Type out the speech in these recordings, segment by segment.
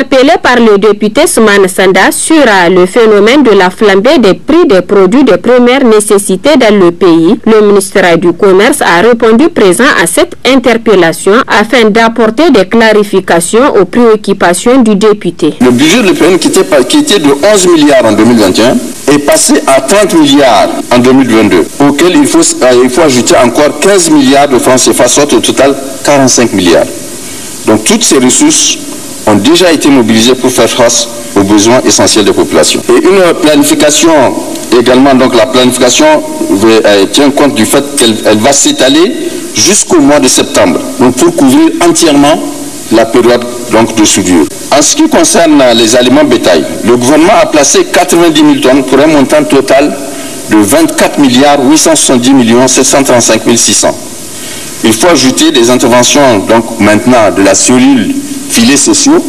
Interpellé par le député Suman Sanda sur euh, le phénomène de la flambée des prix des produits de première nécessité dans le pays, le ministère du Commerce a répondu présent à cette interpellation afin d'apporter des clarifications aux préoccupations du député. Le budget de l'UPN qui, était de 11 milliards en 2021 est passé à 30 milliards en 2022, auquel il faut, euh, il faut ajouter encore 15 milliards de francs CFA, soit au total 45 milliards. Donc toutes ces ressources ont déjà été mobilisés pour faire face aux besoins essentiels des populations. Et une planification également, donc la planification euh, tient compte du fait qu'elle va s'étaler jusqu'au mois de septembre, donc pour couvrir entièrement la période donc, de soudure. En ce qui concerne les aliments bétail, le gouvernement a placé 90 000 tonnes pour un montant total de 24 milliards 870 millions 735 600. Il faut ajouter des interventions donc maintenant de la cellule filets sociaux.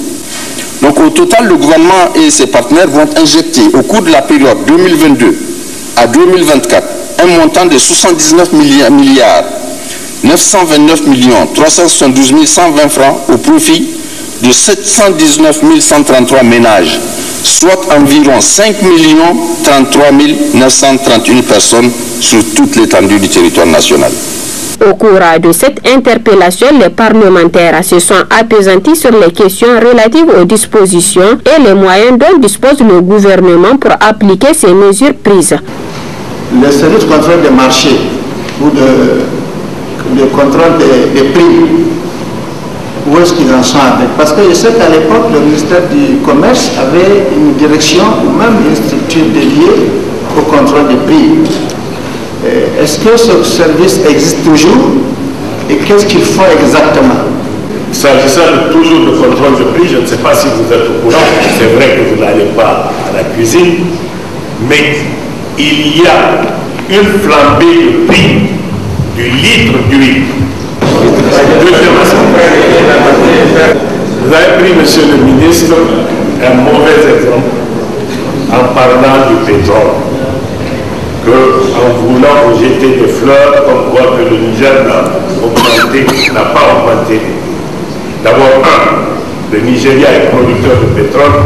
Donc au total, le gouvernement et ses partenaires vont injecter au cours de la période 2022 à 2024 un montant de 79 milliards 929 millions 372 120 francs au profit de 719 133 ménages, soit environ 5 millions 33 931 personnes sur toute l'étendue du territoire national. Au cours de cette interpellation, les parlementaires se sont apaisantis sur les questions relatives aux dispositions et les moyens dont dispose le gouvernement pour appliquer ces mesures prises. Le service contrôle des marchés ou de, contrôle des, prix, où est-ce qu'ils en sont avec Parce que je sais qu'à l'époque, le ministère du Commerce avait une direction ou même une structure dédiée au contrôle des prix. Euh, est-ce que ce service existe toujours et qu'est-ce qu'il faut exactement S'agissant toujours de contrôle de prix, je ne sais pas si vous êtes au courant, c'est vrai que vous n'allez pas à la cuisine, mais il y a une flambée de prix du litre d'huile. Vous avez pris, monsieur le ministre, un mauvais exemple en parlant du pétrole qu'en voulant jeter des fleurs, comme quoi que le Niger n'a augmenté, n'a pas augmenté. D'abord, le Nigeria est producteur de pétrole,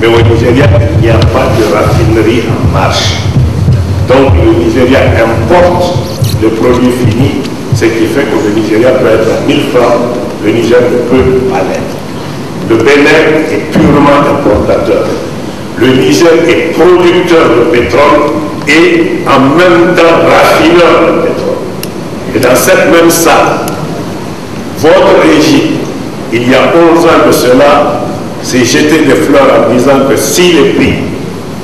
mais au Nigeria, il n'y a pas de raffinerie en marche. Donc le Nigeria importe le produit fini, ce qui fait que le Nigeria peut être à 1000 francs, le Niger ne peut pas l'être. Le Bénin est purement importateur. Le Niger est producteur de pétrole, et en même temps raffineur de pétrole. Et dans cette même salle, votre régime, il y a 11 ans de cela, s'est jeté des fleurs en disant que si les prix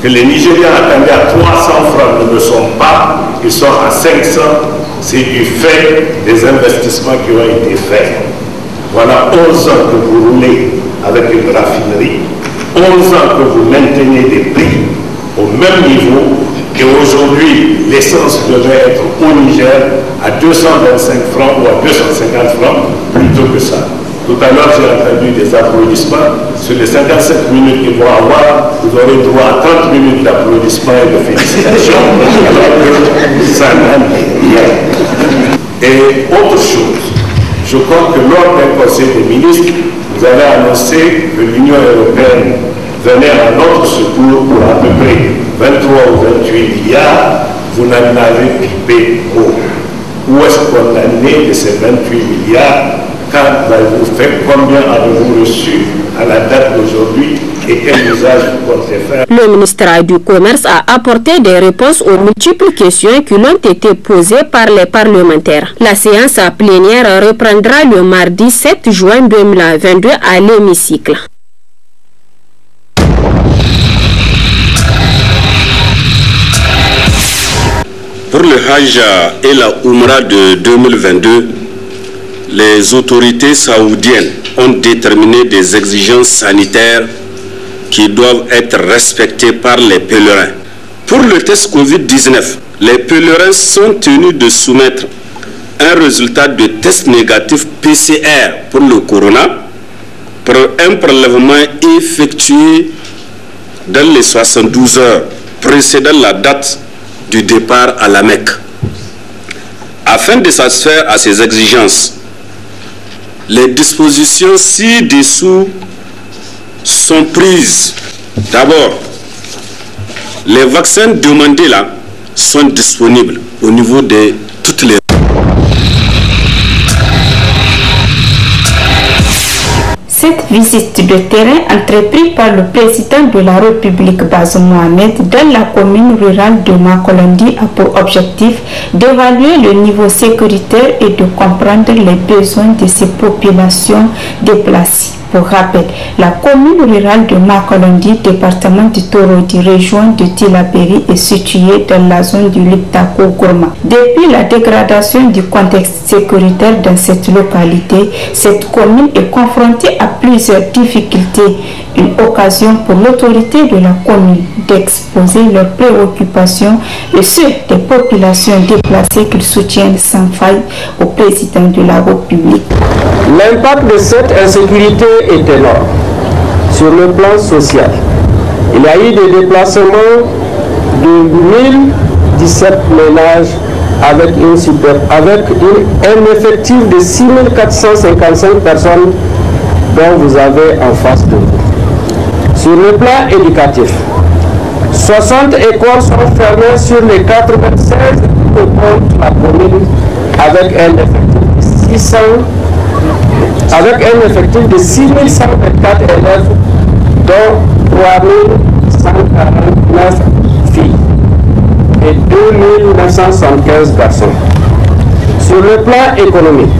que les Nigériens attendaient à 300 francs ne le sont pas, ils sont à 500, c'est du fait des investissements qui ont été faits. Voilà 11 ans que vous roulez avec une raffinerie, 11 ans que vous maintenez des prix au même niveau et aujourd'hui l'essence devrait être au Niger à 225 francs ou à 250 francs plutôt que ça. Tout à l'heure, j'ai entendu des applaudissements. Sur les 57 minutes qu'ils vont avoir, vous aurez droit à 30 minutes d'applaudissements et de félicitations, alors que ça n'a rien. Et autre chose, je crois que lors d'un conseil des ministres, vous avez annoncé que l'Union européenne Venez à notre secours pour à peu près 23 ou 28 milliards, vous n'en avez pipé Où est-ce qu'on a né de ces 28 milliards Quand ben, vous fait Combien avez-vous reçu à la date d'aujourd'hui et quel usage vous faire Le ministère du Commerce a apporté des réponses aux multiples questions qui l'ont été posées par les parlementaires. La séance à plénière reprendra le mardi 7 juin 2022 à l'hémicycle. Pour le Hajj et la Umrah de 2022, les autorités saoudiennes ont déterminé des exigences sanitaires qui doivent être respectées par les pèlerins. Pour le test Covid-19, les pèlerins sont tenus de soumettre un résultat de test négatif PCR pour le corona pour un prélèvement effectué dans les 72 heures précédant la date du départ à la Mecque. Afin de satisfaire à ces exigences, les dispositions ci-dessous sont prises. D'abord, les vaccins demandés là sont disponibles au niveau de toutes les visite de terrain entrepris par le président de la République Bazoum Mohamed dans la commune rurale de Makolandi a pour objectif d'évaluer le niveau sécuritaire et de comprendre les besoins de ces populations déplacées. Pour rappel, la commune rurale de Makolondi, département du du région de Tilaberi, est située dans la zone du Liptako-Gourma. Depuis la dégradation du contexte sécuritaire dans cette localité, cette commune est confrontée à plusieurs difficultés. Une occasion pour l'autorité de la commune d'exposer leurs préoccupations et ceux des populations déplacées qu'ils soutiennent sans faille au président de la République. L'impact de cette insécurité est énorme sur le plan social. Il y a eu des déplacements de 1017 ménages avec, une un effectif de 6455 personnes dont vous avez en face de vous. Sur le plan éducatif, 60 écoles sont fermées sur les 96 écoles de la commune avec un effectif de 600 avec un effectif de 6124 élèves, dont 3149 filles et 2975 garçons. Sur le plan économique,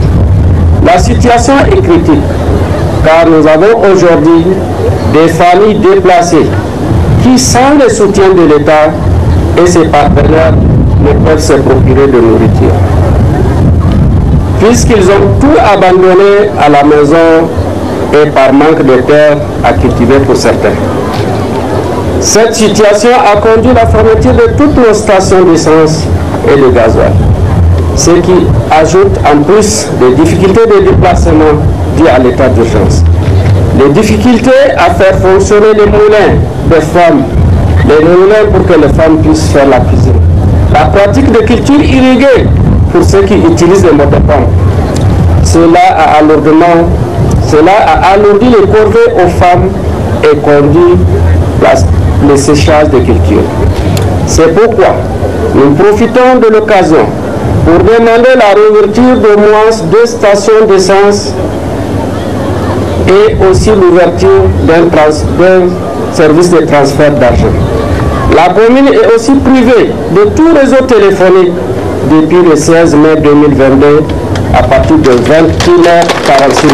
la situation est critique car nous avons aujourd'hui des familles déplacées qui, sans le soutien de l'État et ses partenaires, ne peuvent se procurer de nourriture puisqu'ils ont tout abandonné à la maison et par manque de terre à cultiver pour certains. Cette situation a conduit à la fermeture de toutes nos stations d'essence et de gasoil, ce qui ajoute en plus des difficultés de déplacement dues à l'état d'urgence. Les difficultés à faire fonctionner les moulins des femmes, les moulins pour que les femmes puissent faire la cuisine. La pratique de culture irriguée, pour ceux qui utilisent les motopompes. Cela a cela a alourdi les corvées aux femmes et conduit le séchage des cultures. C'est pourquoi nous profitons de l'occasion pour demander la réouverture de moins deux stations d'essence et aussi l'ouverture d'un service de transfert d'argent. La commune est aussi privée de tout réseau téléphonique depuis le 16 mai 2022 à partir de 21h46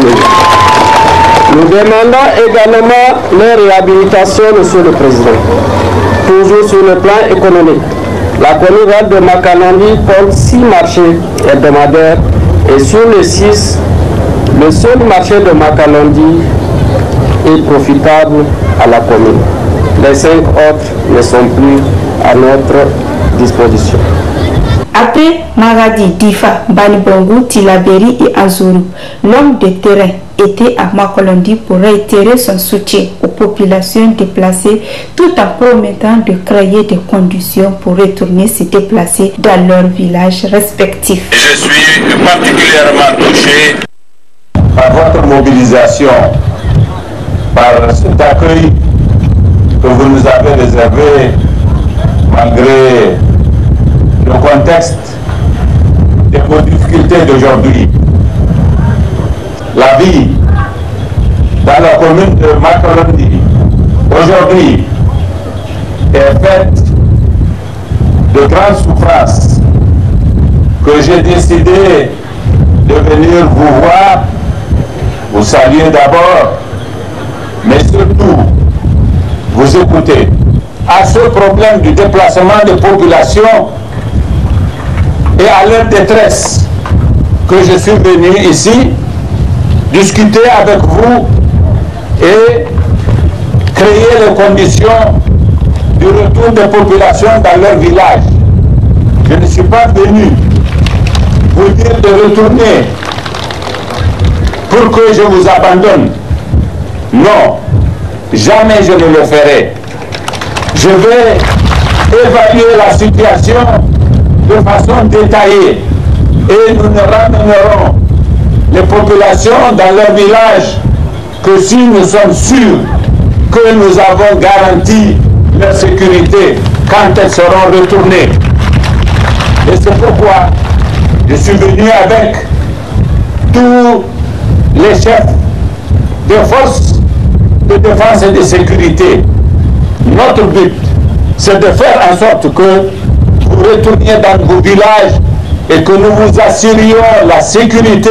Nous demandons également la réhabilitation, Monsieur le Président. Toujours sur le plan économique, la commune de Makalandi compte 6 marchés hebdomadaires et sur les 6, le seul marché de Makalandi est profitable à la commune. Les cinq autres ne sont plus à notre disposition. Après Maradi, Difa, Banibongo, Tilaberi et Azuru, l'homme de terrain était à Makolondi pour réitérer son soutien aux populations déplacées tout en promettant de créer des conditions pour retourner se déplacer dans leurs villages respectifs. Je suis particulièrement touché par votre mobilisation, par cet accueil que vous nous avez réservé malgré le contexte de vos difficultés d'aujourd'hui. La vie dans la commune de Macaroni aujourd'hui est faite de grandes souffrances que j'ai décidé de venir vous voir, vous saluer d'abord, mais surtout vous écouter. À ce problème du déplacement de population, et à leur détresse que je suis venu ici discuter avec vous et créer les conditions du retour des populations dans leur village. Je ne suis pas venu vous dire de retourner pour que je vous abandonne. Non, jamais je ne le ferai. Je vais évaluer la situation de façon détaillée et nous ne ramènerons les populations dans leur village que si nous sommes sûrs que nous avons garanti leur sécurité quand elles seront retournées. Et c'est pourquoi je suis venu avec tous les chefs de forces de défense et de sécurité. Notre but, c'est de faire en sorte que Retournez dans vos villages et que nous vous assurions la sécurité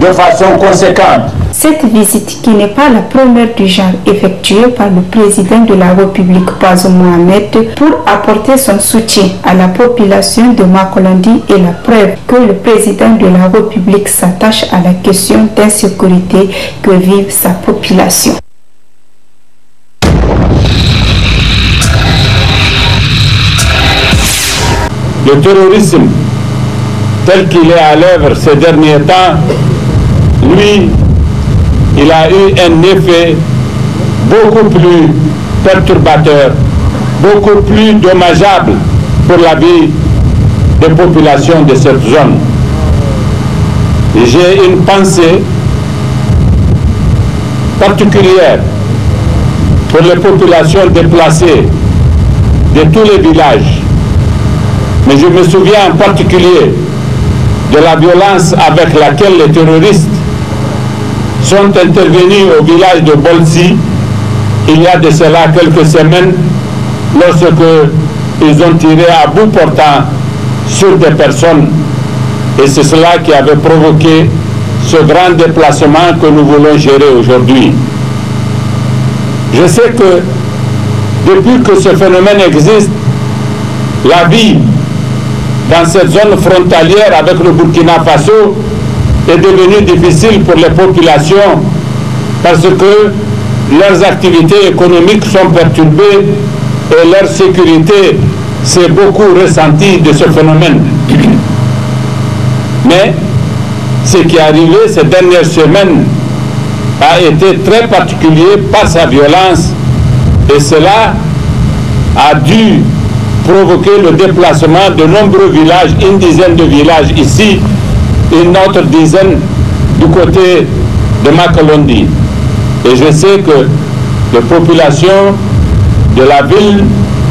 de façon conséquente. Cette visite, qui n'est pas la première du genre effectuée par le président de la République, Bazoum Mohamed, pour apporter son soutien à la population de Makolandi est la preuve que le président de la République s'attache à la question d'insécurité que vive sa population. Le terrorisme tel qu'il est à l'œuvre ces derniers temps, lui, il a eu un effet beaucoup plus perturbateur, beaucoup plus dommageable pour la vie des populations de cette zone. J'ai une pensée particulière pour les populations déplacées de tous les villages mais je me souviens en particulier de la violence avec laquelle les terroristes sont intervenus au village de Bolsi il y a de cela quelques semaines lorsque ils ont tiré à bout portant sur des personnes. Et c'est cela qui avait provoqué ce grand déplacement que nous voulons gérer aujourd'hui. Je sais que depuis que ce phénomène existe, la vie dans cette zone frontalière avec le Burkina Faso est devenue difficile pour les populations parce que leurs activités économiques sont perturbées et leur sécurité s'est beaucoup ressentie de ce phénomène. Mais ce qui est arrivé ces dernières semaines a été très particulier par sa violence et cela a dû provoqué le déplacement de nombreux villages, une dizaine de villages ici, une autre dizaine du côté de Makalondi. Et je sais que les populations de la ville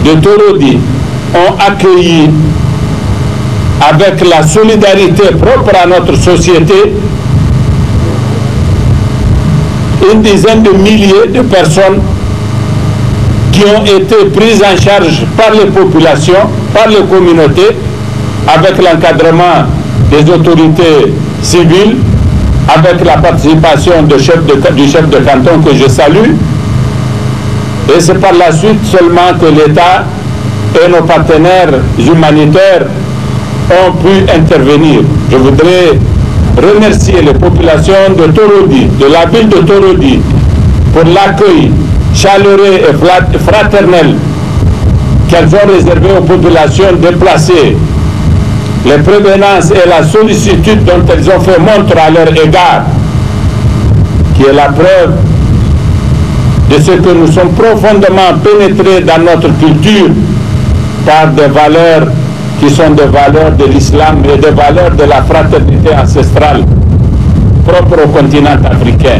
de Torodi ont accueilli avec la solidarité propre à notre société une dizaine de milliers de personnes ont été prises en charge par les populations, par les communautés, avec l'encadrement des autorités civiles, avec la participation du chef de canton que je salue. Et c'est par la suite seulement que l'État et nos partenaires humanitaires ont pu intervenir. Je voudrais remercier les populations de Torodi, de la ville de Torodi, pour l'accueil chaleureux et fraternels qu'elles ont réservé aux populations déplacées. Les prévenances et la sollicitude dont elles ont fait montre à leur égard, qui est la preuve de ce que nous sommes profondément pénétrés dans notre culture par des valeurs qui sont des valeurs de l'islam et des valeurs de la fraternité ancestrale propre au continent africain.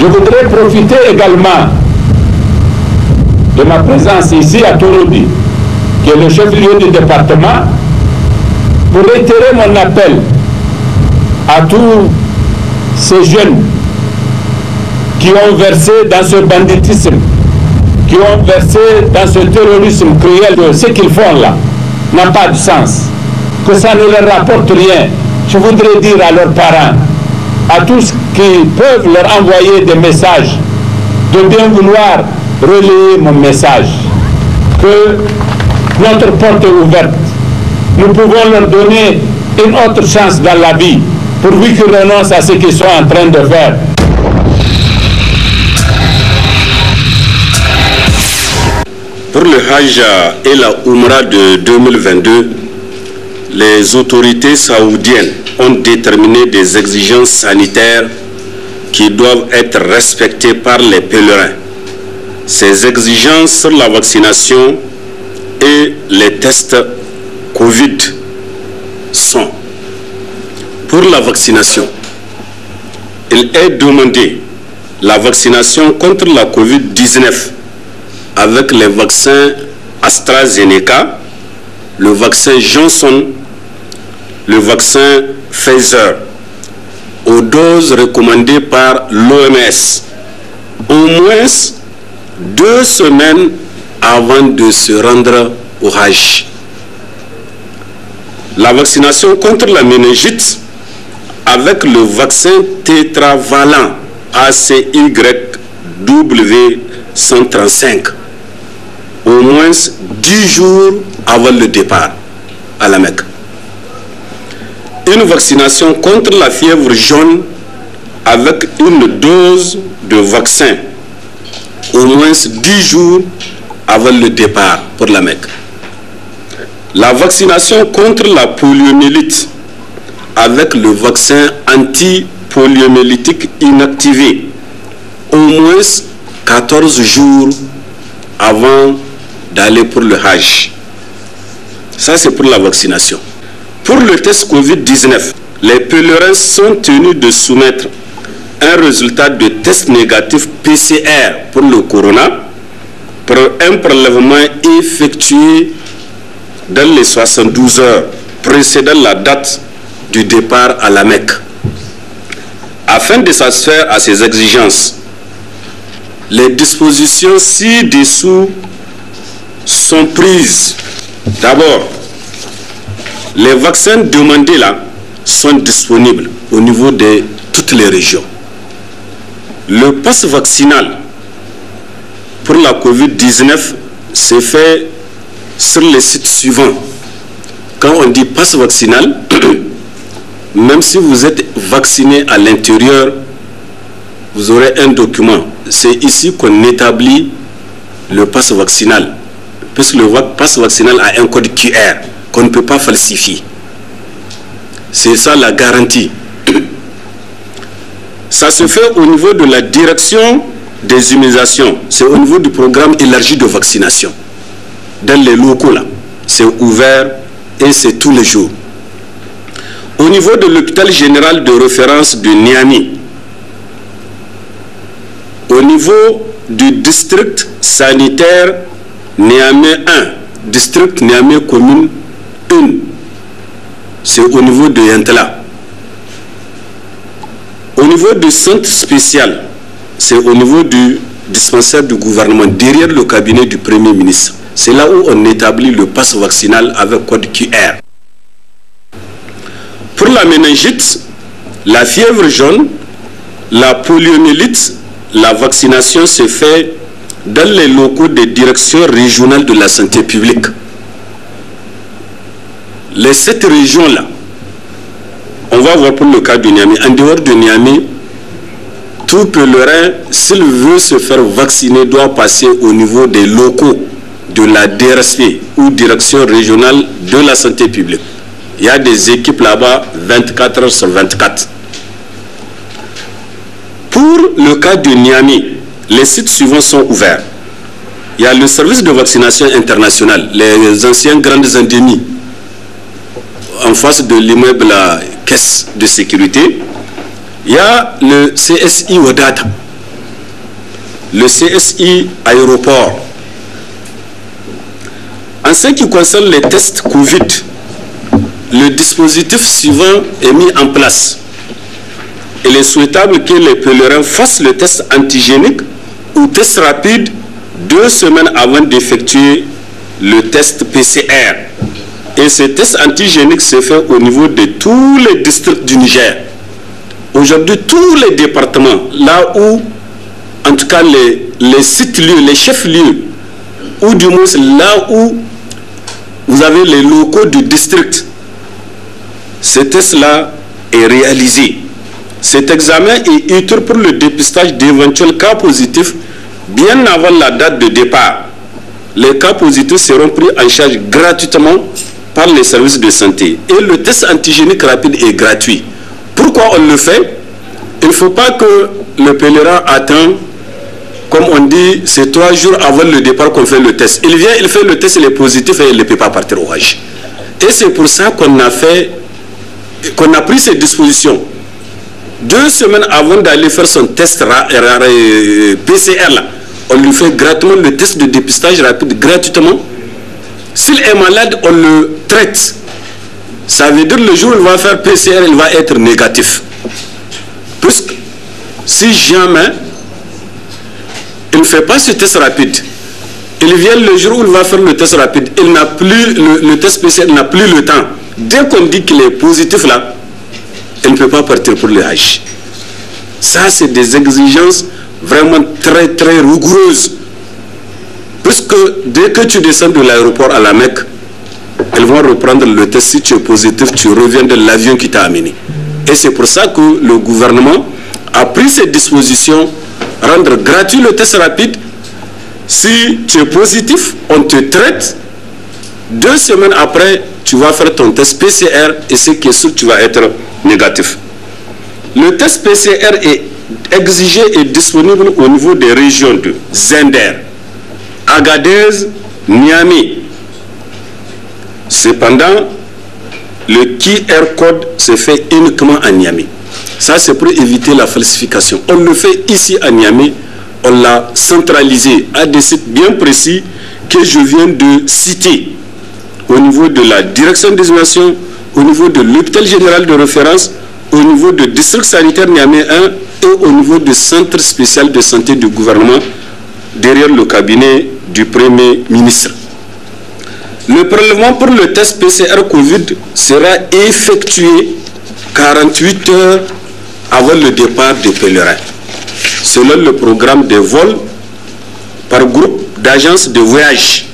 Je voudrais profiter également de ma présence ici à Torodi, qui est le chef-lieu du département, pour réitérer mon appel à tous ces jeunes qui ont versé dans ce banditisme, qui ont versé dans ce terrorisme cruel, ce qu'ils font là n'a pas de sens, que ça ne leur rapporte rien. Je voudrais dire à leurs parents, à tous qui peuvent leur envoyer des messages de bien vouloir relayer mon message que notre porte est ouverte. Nous pouvons leur donner une autre chance dans la vie, pour lui qu'ils renoncent à ce qu'ils sont en train de faire. Pour le Hajj et la Umrah de 2022, les autorités saoudiennes ont déterminé des exigences sanitaires qui doivent être respectées par les pèlerins ses exigences sur la vaccination et les tests Covid sont pour la vaccination. Il est demandé la vaccination contre la Covid-19 avec les vaccins AstraZeneca, le vaccin Johnson, le vaccin Pfizer, aux doses recommandées par l'OMS. Au moins deux semaines avant de se rendre au Hajj. La vaccination contre la méningite avec le vaccin tétravalent ACYW135 au moins 10 jours avant le départ à la Mecque. Une vaccination contre la fièvre jaune avec une dose de vaccin au moins 10 jours avant le départ pour la Mecque. La vaccination contre la poliomyélite avec le vaccin anti-poliomyélitique inactivé au moins 14 jours avant d'aller pour le Hajj. Ça, c'est pour la vaccination. Pour le test COVID-19, les pèlerins sont tenus de soumettre un résultat de test négatif PCR pour le corona pour un prélèvement effectué dans les 72 heures précédant la date du départ à la Mecque. Afin de satisfaire à ces exigences, les dispositions ci-dessous sont prises. D'abord, les vaccins demandés là sont disponibles au niveau de toutes les régions. Le passe vaccinal pour la COVID-19 s'est fait sur les sites suivants. Quand on dit passe vaccinal, même si vous êtes vacciné à l'intérieur, vous aurez un document. C'est ici qu'on établit le passe vaccinal. Puisque le passe vaccinal a un code QR qu'on ne peut pas falsifier. C'est ça la garantie. Ça se fait au niveau de la direction des immunisations. C'est au niveau du programme élargi de vaccination. Dans les locaux, là, c'est ouvert et c'est tous les jours. Au niveau de l'hôpital général de référence de niami au niveau du district sanitaire Niamey 1, district Niamey commune 1, c'est au niveau de Yantala. Au niveau du centre spécial, c'est au niveau du dispensaire du gouvernement, derrière le cabinet du Premier ministre. C'est là où on établit le passe vaccinal avec code QR. Pour la méningite, la fièvre jaune, la poliomyélite, la vaccination se fait dans les locaux des directions régionales de la santé publique. Les sept régions-là, on va voir pour le cas de Niamey. En dehors de Niamey, tout pèlerin, s'il veut se faire vacciner, doit passer au niveau des locaux de la DRSP ou Direction Régionale de la Santé Publique. Il y a des équipes là-bas 24 heures sur 24. Pour le cas de Niami, les sites suivants sont ouverts. Il y a le service de vaccination international, les anciens grandes endémies, en face de l'immeuble caisse de sécurité, il y a le CSI Wadad le CSI Aéroport. En ce qui concerne les tests Covid, le dispositif suivant est mis en place. Il est souhaitable que les pèlerins fassent le test antigénique ou test rapide deux semaines avant d'effectuer le test PCR. Et ce test antigénique se fait au niveau de tous les districts du Niger. Aujourd'hui, tous les départements, là où, en tout cas, les, les sites-lieux, les chefs-lieux, ou du moins là où vous avez les locaux du district, ce test-là est réalisé. Cet examen est utile pour le dépistage d'éventuels cas positifs bien avant la date de départ. Les cas positifs seront pris en charge gratuitement par les services de santé. Et le test antigénique rapide est gratuit. Pourquoi on le fait Il ne faut pas que le pèlerin attend, comme on dit, c'est trois jours avant le départ qu'on fait le test. Il vient, il fait le test, il est positif et il ne peut pas partir au Hajj. Et c'est pour ça qu'on a fait, qu'on a pris ces dispositions. Deux semaines avant d'aller faire son test euh, PCR, on lui fait gratuitement le test de dépistage rapide gratuitement s'il est malade, on le traite. Ça veut dire le jour où il va faire PCR, il va être négatif. Puisque si jamais il ne fait pas ce test rapide, il vient le jour où il va faire le test rapide, il n'a plus le, test PCR, n'a plus le temps. Dès qu'on dit qu'il est positif là, il ne peut pas partir pour le H. Ça, c'est des exigences vraiment très très rigoureuses que dès que tu descends de l'aéroport à la Mecque, elles vont reprendre le test. Si tu es positif, tu reviens de l'avion qui t'a amené. Et c'est pour ça que le gouvernement a pris cette disposition, rendre gratuit le test rapide. Si tu es positif, on te traite. Deux semaines après, tu vas faire ton test PCR et ce qui est tu vas être négatif. Le test PCR est exigé et disponible au niveau des régions de Zender, Agadez, Niamey. Cependant, le QR code se fait uniquement à Niamey. Ça, c'est pour éviter la falsification. On le fait ici à Niamey, on l'a centralisé à des sites bien précis que je viens de citer au niveau de la direction des nations, au niveau de l'hôpital général de référence, au niveau du district sanitaire Niamey 1 et au niveau du centre spécial de santé du gouvernement derrière le cabinet du Premier ministre. Le prélèvement pour le test PCR Covid sera effectué 48 heures avant le départ des pèlerins, selon le programme de vol par groupe d'agences de voyage.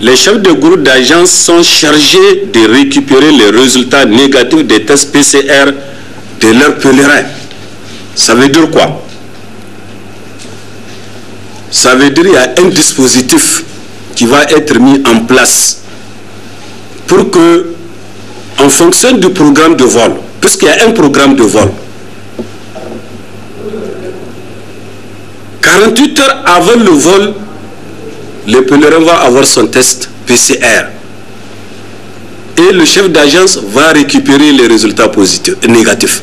Les chefs de groupe d'agences sont chargés de récupérer les résultats négatifs des tests PCR de leurs pèlerins. Ça veut dire quoi ça veut dire qu'il y a un dispositif qui va être mis en place pour que, en fonction du programme de vol, puisqu'il y a un programme de vol, 48 heures avant le vol, le pèlerin va avoir son test PCR. Et le chef d'agence va récupérer les résultats positifs, négatifs.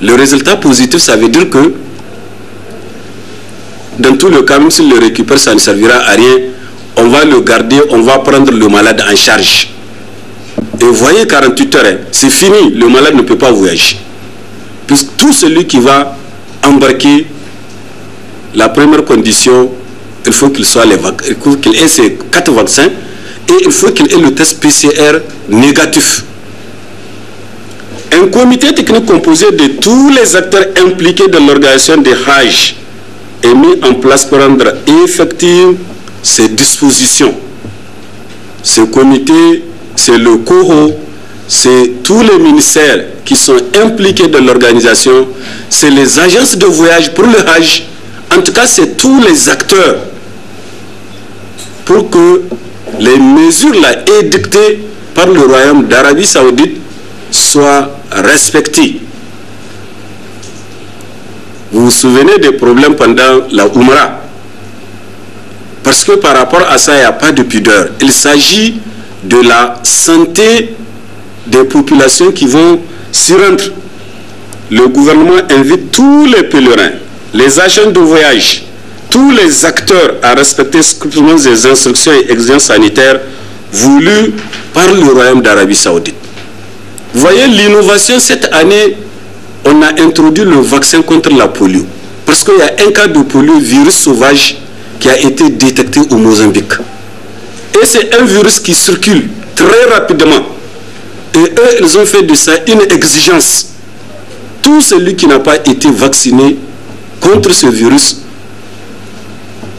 Le résultat positif, ça veut dire que dans tout le cas, même s'il le récupère, ça ne servira à rien. On va le garder, on va prendre le malade en charge. Et vous voyez, 48 heures, hein, c'est fini. Le malade ne peut pas voyager. Puisque tout celui qui va embarquer, la première condition, il faut qu'il soit qu'il ait ses quatre vaccins et il faut qu'il ait le test PCR négatif. Un comité technique composé de tous les acteurs impliqués dans l'organisation des Hajj est mis en place pour rendre effective ces dispositions. Ce comité, c'est le COHO, c'est tous les ministères qui sont impliqués dans l'organisation, c'est les agences de voyage pour le Hajj, en tout cas c'est tous les acteurs pour que les mesures là édictées par le royaume d'Arabie Saoudite soient respectées. Vous vous souvenez des problèmes pendant la Oumra Parce que par rapport à ça, il n'y a pas de pudeur. Il s'agit de la santé des populations qui vont s'y rendre. Le gouvernement invite tous les pèlerins, les agents de voyage, tous les acteurs à respecter scrupuleusement les instructions et exigences sanitaires voulues par le Royaume d'Arabie Saoudite. Vous voyez, l'innovation cette année on a introduit le vaccin contre la polio. Parce qu'il y a un cas de polio virus sauvage qui a été détecté au Mozambique. Et c'est un virus qui circule très rapidement. Et eux, ils ont fait de ça une exigence. Tout celui qui n'a pas été vacciné contre ce virus,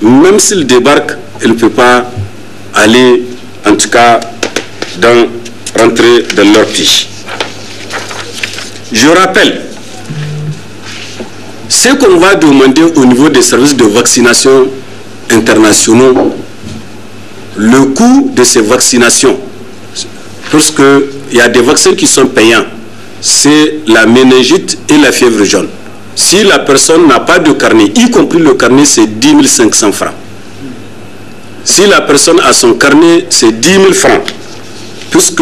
même s'il débarque, il ne peut pas aller, en tout cas, dans, rentrer dans leur pays. Je rappelle ce qu'on va demander au niveau des services de vaccination internationaux, le coût de ces vaccinations, parce qu'il y a des vaccins qui sont payants, c'est la méningite et la fièvre jaune. Si la personne n'a pas de carnet, y compris le carnet, c'est 10 500 francs. Si la personne a son carnet, c'est 10 000 francs. Puisque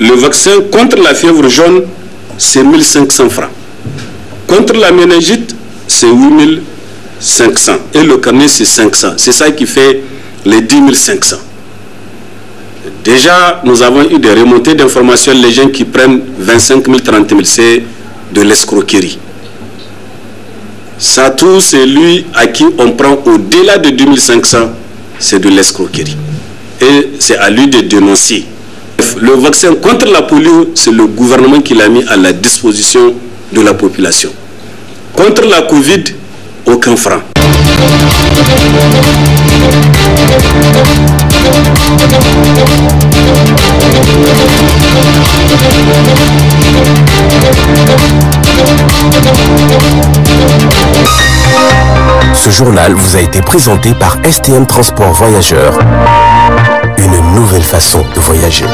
le vaccin contre la fièvre jaune, c'est 1 500 francs. Contre la méningite, c'est 8500. Et le carnet, c'est 500. C'est ça qui fait les 10 500. Déjà, nous avons eu des remontées d'informations, les gens qui prennent 25 000, 30 000, c'est de l'escroquerie. tout c'est lui à qui on prend au-delà de 2500, c'est de l'escroquerie. Et c'est à lui de dénoncer. Le vaccin contre la polio, c'est le gouvernement qui l'a mis à la disposition de la population. Contre la Covid, aucun frein. Ce journal vous a été présenté par STM Transport Voyageurs. Une nouvelle façon de voyager.